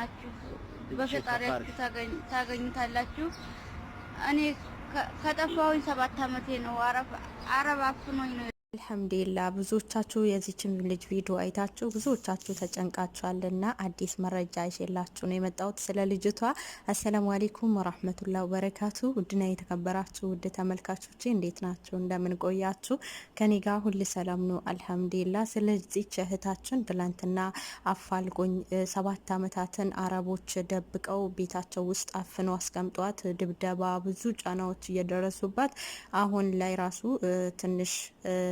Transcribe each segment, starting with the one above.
ሆናችሁ በፈጣሪያችሁ ታገኙታላችሁ። እኔ ከጠፋሁኝ ሰባት አመቴ ነው። አረብ አፍኖኝ ነው። አልሐምዱሊላ ብዙዎቻችሁ የዚችን ልጅ ቪዲዮ አይታችሁ ብዙዎቻችሁ ተጨንቃችኋልና አዲስ መረጃ ይዤላችሁ ነው የመጣሁት ስለ ልጅቷ። አሰላሙ አሌይኩም ወራህመቱላ ወበረካቱ። ውድና የተከበራችሁ ውድ ተመልካቾች እንዴት ናችሁ? እንደምን ቆያችሁ? ከኔ ጋር ሁል ሰላም ነው አልሐምዱሊላ። ስለዚች እህታችን ትላንትና አፋልጎኝ ሰባት አመታትን አረቦች ደብቀው ቤታቸው ውስጥ አፍነው አስቀምጧት፣ ድብደባ፣ ብዙ ጫናዎች እየደረሱባት አሁን ላይ ራሱ ትንሽ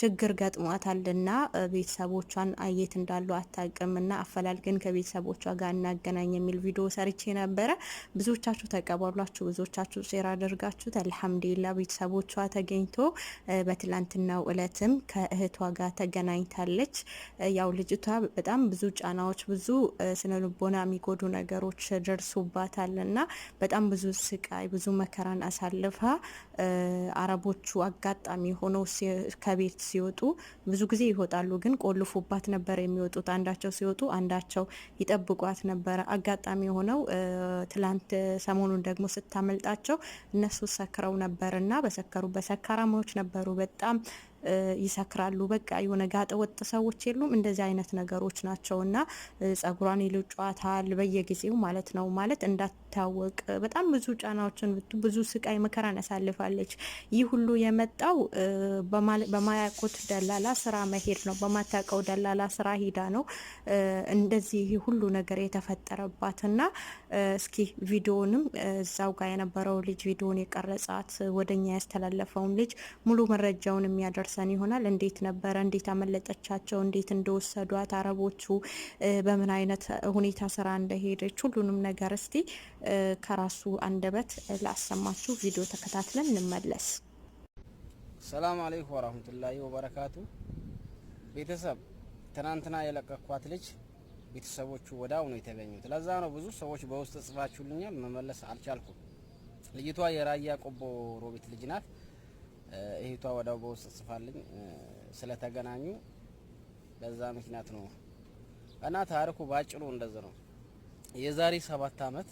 ችግር ገጥሟታልና ቤተሰቦቿን አየት እንዳሉ አታውቅምና አፈላልግን ከቤተሰቦቿ ጋር እናገናኝ የሚል ቪዲዮ ሰርቼ ነበረ። ብዙዎቻችሁ ተቀባሏችሁ፣ ብዙዎቻችሁ ሴራ አድርጋችሁት። አልሐምዱሊላ ቤተሰቦቿ ተገኝቶ በትላንትናው እለትም ከእህቷ ጋር ተገናኝታለች። ያው ልጅቷ በጣም ብዙ ጫናዎች፣ ብዙ ስነ ልቦና የሚጎዱ ነገሮች ደርሶባታልና በጣም ብዙ ስቃይ፣ ብዙ መከራን አሳልፋ አረቦቹ አጋጣሚ ሆነው ከቤት ሲወጡ ብዙ ጊዜ ይወጣሉ፣ ግን ቆልፎባት ነበር የሚወጡት። አንዳቸው ሲወጡ አንዳቸው ይጠብቋት ነበረ። አጋጣሚ የሆነው ትላንት ሰሞኑን ደግሞ ስታመልጣቸው እነሱ ሰክረው ነበርና በሰከሩ በሰካራማዎች ነበሩ በጣም ይሰክራሉ። በቃ የሆነ ጋጠ ወጥ ሰዎች የሉም። እንደዚህ አይነት ነገሮች ናቸው እና ጸጉሯን ይልጫታል በየጊዜው ማለት ነው። ማለት እንዳታወቅ በጣም ብዙ ጫናዎችን ብዙ ስቃይ መከራን ያሳልፋለች። ይህ ሁሉ የመጣው በማያውቁት ደላላ ስራ መሄድ ነው። በማታውቀው ደላላ ስራ ሂዳ ነው እንደዚህ ሁሉ ነገር የተፈጠረባት እና እስኪ ቪዲዮንም እዛው ጋር የነበረው ልጅ ቪዲዮን የቀረጻት ወደኛ ያስተላለፈውን ልጅ ሙሉ መረጃውን የሚያደርስ ደርሰን ይሆናል። እንዴት ነበረ? እንዴት አመለጠቻቸው? እንዴት እንደወሰዷት አረቦቹ በምን አይነት ሁኔታ ስራ እንደሄደች ሁሉንም ነገር እስቲ ከራሱ አንደበት ላሰማችሁ። ቪዲዮ ተከታትለን እንመለስ። ሰላም አለይኩም ወራህመቱላሂ ወበረካቱ። ቤተሰብ ትናንትና የለቀኳት ልጅ ቤተሰቦቹ ወዳው ነው የተገኙት። ለዛ ነው ብዙ ሰዎች በውስጥ ጽፋችሁልኛል መመለስ አልቻልኩም። ልጅቷ የራያ ቆቦ ሮቤት ልጅ ናት። እህቷ ወዳው በውስጥ ጽፋልኝ ስለተገናኙ በዛ ምክንያት ነው እና ታሪኩ ባጭሩ እንደዚ ነው። የዛሬ ሰባት አመት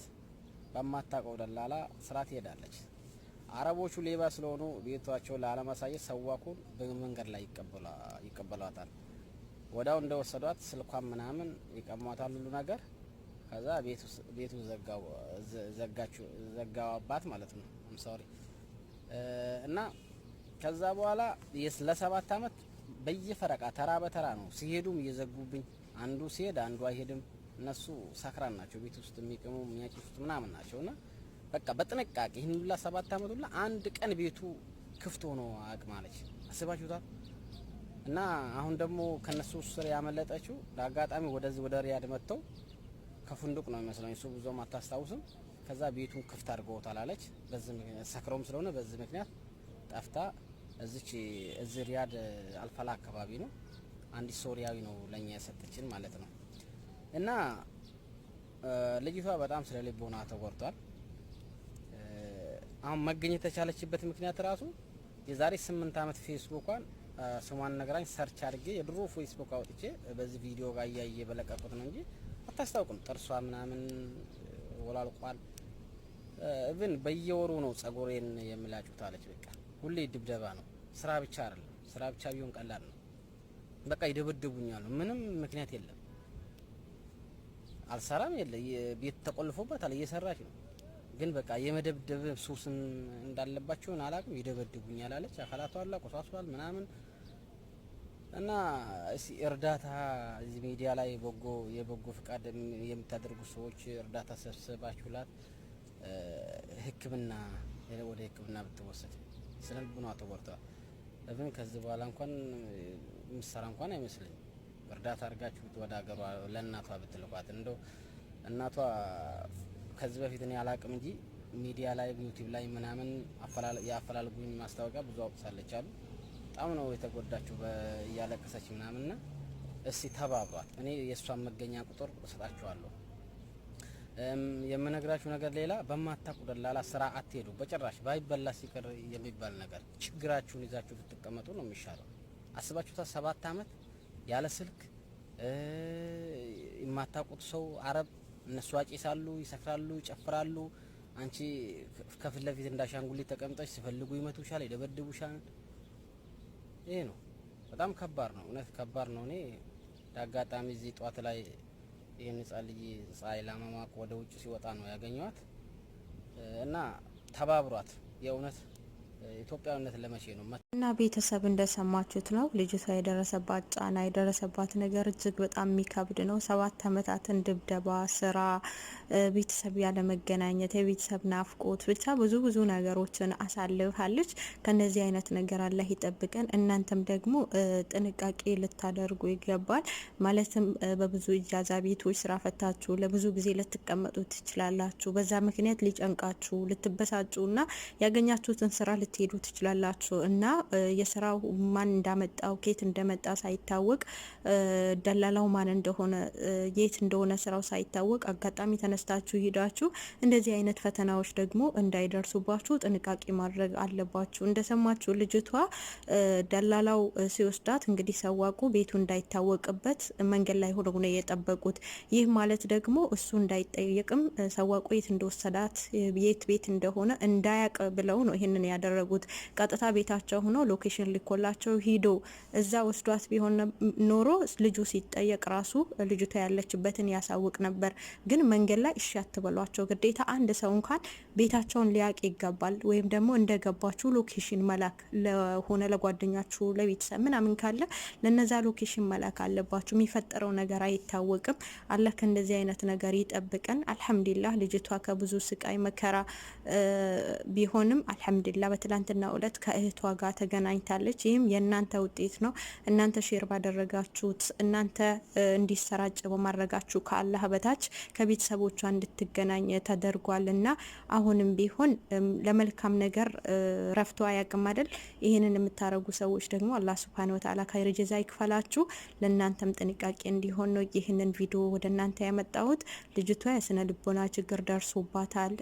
በማታውቀው ደላላ ስራ ትሄዳለች። አረቦቹ ሌባ ስለሆኑ ቤቷቸው ላለማሳየት ሰዋኩን በመንገድ ላይ ይቀበሏታል። ወዳው እንደወሰዷት ስልኳን ምናምን ይቀሟታል ሁሉ ነገር። ከዛ ቤቱ አባት ማለት ነው። አም ሶሪ እና ከዛ በኋላ ለሰባት አመት በየፈረቃ ተራ በተራ ነው ሲሄዱም እየዘጉብኝ፣ አንዱ ሲሄድ አንዱ አይሄድም። እነሱ ሰክራን ናቸው፣ ቤት ውስጥ የሚቅሙ የሚያጭፉት ምናምን ናቸው። እና በቃ በጥንቃቄ ይህን ሁላ ሰባት አመት ሁላ አንድ ቀን ቤቱ ክፍት ሆኖ አቅማለች። አስባችሁታል? እና አሁን ደግሞ ከነሱ ስር ያመለጠችው ለአጋጣሚ ወደዚህ ወደ ሪያድ መጥተው ከፉንዱቅ ነው የሚመስለኝ፣ እሱ ብዙም አታስታውስም። ከዛ ቤቱን ክፍት አድርገውታል አለች። በዚህ ሰክረውም ስለሆነ በዚህ ምክንያት ጠፍታ እዚች እዚ ሪያድ አልፈላ አካባቢ ነው። አንዲት ሶሪያዊ ነው ለኛ የሰጠችን ማለት ነው። እና ልጅቷ በጣም ስለ ልቦና ተወርቷል። አሁን መገኘት የተቻለችበት ምክንያት ራሱ የዛሬ ስምንት አመት ፌስቡኳን ስሟን ነግራኝ ሰርች አድርጌ የድሮ ፌስቡክ አውጥቼ በዚህ ቪዲዮ ጋር እያየ በለቀቁት ነው እንጂ አታስታውቅም። ጥርሷ ምናምን ወላልቋል። እብን በየወሩ ነው ጸጉሬን የምላጩት አለች በቃ ሁሌ ድብደባ ነው። ስራ ብቻ አይደለም። ስራ ብቻ ቢሆን ቀላል ነው። በቃ ይደበድቡኛል። ምንም ምክንያት የለም። አልሰራም የለ ቤት ተቆልፎበታል እየሰራች ነው። ግን በቃ የመደብደብ ሱስም እንዳለባቸውን አላቅም። ይደበድቡኛል አለች። አካላቷ አላ ቆሳሷል ምናምን እና እርዳታ እዚህ ሚዲያ ላይ በጎ የበጎ ፍቃድ የምታደርጉ ሰዎች እርዳታ ሰብስባችሁላት ሕክምና ወደ ሕክምና ብትወሰድ ስነ ልቡና ተጎድተዋል። ለምን ከዚህ በኋላ እንኳን ምሰራ እንኳን አይመስለኝም። እርዳታ አድርጋችሁት ወደ ሀገሯ ለእናቷ ብትልኳት እንደው እናቷ ከዚህ በፊት እኔ አላቅም እንጂ ሚዲያ ላይ ዩቲብ ላይ ምናምን የአፈላልጉኝ ማስታወቂያ ብዙ አውቅሳለች አሉ። በጣም ነው የተጎዳችሁ እያለቀሰች ምናምንና እስቲ ተባብሯል። እኔ የእሷን መገኛ ቁጥር እሰጣችኋለሁ የምነግራችሁ ነገር ሌላ በማታቁ ደላላ ስራ አትሄዱ በጭራሽ። ባይበላ ሲቀር የሚባል ነገር ችግራችሁን ይዛችሁ ብትቀመጡ ነው የሚሻለው። አስባችሁታ ሰባት አመት ያለ ስልክ የማታቁት ሰው አረብ፣ እነሱ አጭሳሉ፣ ይሰክራሉ፣ ይጨፍራሉ። አንቺ ከፊት ለፊት እንዳሻንጉሊት ተቀምጠች ሲፈልጉ ይመቱሻል፣ ይደበድቡሻል። ይሄ ነው በጣም ከባድ ነው፣ እውነት ከባድ ነው። እኔ ለአጋጣሚ እዚህ ጧት ላይ ይህን ህጻን ልጅ ፀሐይ ላመማቅ ወደ ውጭ ሲወጣ ነው ያገኘዋት እና ተባብሯት የእውነት ኢትዮጵያዊነት ለመቼ ነው እና ቤተሰብ እንደሰማችሁት ነው። ልጅቷ የደረሰባት ጫና የደረሰባት ነገር እጅግ በጣም የሚከብድ ነው። ሰባት አመታትን ድብደባ፣ ስራ ቤተሰብ ያለመገናኘት፣ የቤተሰብ ናፍቆት ብቻ ብዙ ብዙ ነገሮችን አሳልፋለች። ከነዚህ አይነት ነገር አላህ ይጠብቀን። እናንተም ደግሞ ጥንቃቄ ልታደርጉ ይገባል። ማለትም በብዙ እጃዛ ቤቶች ስራ ፈታችሁ ለብዙ ጊዜ ልትቀመጡ ትችላላችሁ። በዛ ምክንያት ሊጨንቃችሁ፣ ልትበሳጩ እና ያገኛችሁትን ስራ ልትሄዱ ትችላላችሁ እና የስራው ማን እንዳመጣው ኬት እንደመጣ ሳይታወቅ ደላላው ማን እንደሆነ የት እንደሆነ ስራው ሳይታወቅ አጋጣሚ ተነ ተነስታችሁ ሂዳችሁ እንደዚህ አይነት ፈተናዎች ደግሞ እንዳይደርሱባችሁ ጥንቃቄ ማድረግ አለባችሁ። እንደሰማችሁ ልጅቷ ደላላው ሲወስዳት እንግዲህ ሰዋቁ ቤቱ እንዳይታወቅበት መንገድ ላይ ሆነው ነው የጠበቁት። ይህ ማለት ደግሞ እሱ እንዳይጠየቅም ሰዋቁ የት እንደወሰዳት የት ቤት እንደሆነ እንዳያቅ ብለው ነው ይህንን ያደረጉት። ቀጥታ ቤታቸው ሆኖ ሎኬሽን ልኮላቸው ሂዶ እዛ ወስዷት ቢሆን ኖሮ ልጁ ሲጠየቅ ራሱ ልጅቷ ያለችበትን ያሳውቅ ነበር። ግን መንገድ ላይ ላይ እሺ አትበሏቸው። ግዴታ አንድ ሰው እንኳን ቤታቸውን ሊያቅ ይገባል። ወይም ደግሞ እንደገባችሁ ሎኬሽን መላክ ለሆነ ለጓደኛችሁ፣ ለቤተሰብ ምናምን ካለ ለነዛ ሎኬሽን መላክ አለባችሁ። የሚፈጠረው ነገር አይታወቅም። አላህ ከእንደዚህ አይነት ነገር ይጠብቀን። አልሐምዱሊላህ ልጅቷ ከብዙ ስቃይ መከራ ቢሆንም አልሐምዱሊላህ በትላንትና እለት ከእህቷ ጋር ተገናኝታለች። ይህም የእናንተ ውጤት ነው። እናንተ ሼር ባደረጋችሁት እናንተ እንዲሰራጭ በማድረጋችሁ ከአላህ በታች ከቤተሰቦች ልጆቿ እንድትገናኝ ተደርጓል እና አሁንም ቢሆን ለመልካም ነገር ረፍቶ አያቅም አይደል? ይህንን የምታደረጉ ሰዎች ደግሞ አላህ ሱብሃነ ወተዓላ ካይር ጀዛ ይክፈላችሁ። ለእናንተም ጥንቃቄ እንዲሆን ነው ይህንን ቪዲዮ ወደ እናንተ ያመጣሁት። ልጅቷ የስነ ልቦና ችግር ደርሶባታል።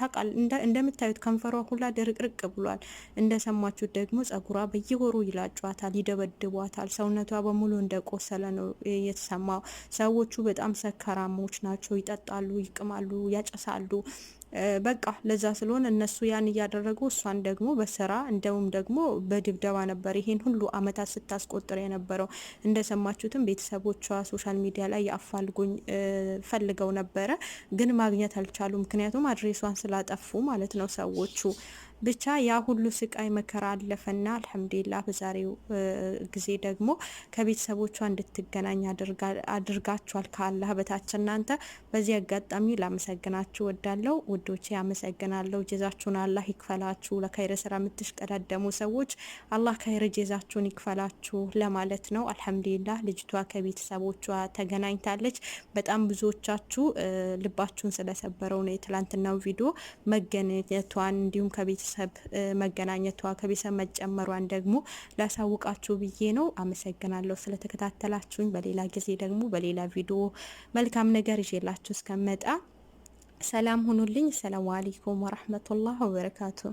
ታቃል እንደምታዩት ከንፈሯ ሁላ ድርቅርቅ ብሏል። እንደሰማችሁት ደግሞ ጸጉሯ በየወሩ ይላጯታል፣ ይደበድቧታል። ሰውነቷ በሙሉ እንደቆሰለ ነው የተሰማው። ሰዎቹ በጣም ሰከራሞች ናቸው፣ ይጠጣሉ ይቅማሉ፣ ያጨሳሉ። በቃ ለዛ ስለሆነ እነሱ ያን እያደረጉ እሷን ደግሞ በስራ እንደውም ደግሞ በድብደባ ነበር ይሄን ሁሉ አመታት ስታስቆጥር የነበረው። እንደሰማችሁትም ቤተሰቦቿ ሶሻል ሚዲያ ላይ የአፋልጉኝ ፈልገው ነበረ፣ ግን ማግኘት አልቻሉ። ምክንያቱም አድሬሷን ስላጠፉ ማለት ነው ሰዎቹ ብቻ ያ ሁሉ ስቃይ መከራ አለፈና አልሐምዱሊላ በዛሬው ጊዜ ደግሞ ከቤተሰቦቿ እንድትገናኝ አድርጋችኋል ከአላህ በታች እናንተ። በዚህ አጋጣሚ ላመሰግናችሁ ወዳለው ውዶቼ አመሰግናለሁ። ጀዛችሁን አላህ ይክፈላችሁ። ለከይረ ስራ የምትሽቀዳደሙ ሰዎች አላህ ከይረ ጀዛችሁን ይክፈላችሁ ለማለት ነው። አልሐምዱሊላ ልጅቷ ከቤተሰቦቿ ተገናኝታለች። በጣም ብዙዎቻችሁ ልባችሁን ስለሰበረው ነው የትላንትናው ቪዲዮ መገኘቷን እንዲሁም ከቤተሰ ቤተሰብ መገናኘቷ ከቤተሰብ መጨመሯን ደግሞ ላሳውቃችሁ ብዬ ነው። አመሰግናለሁ ስለተከታተላችሁኝ። በሌላ ጊዜ ደግሞ በሌላ ቪዲዮ መልካም ነገር ይዤላችሁ እስከመጣ ሰላም ሁኑልኝ። ሰላም አሌይኩም ወረህመቱላህ ወበረካቱ።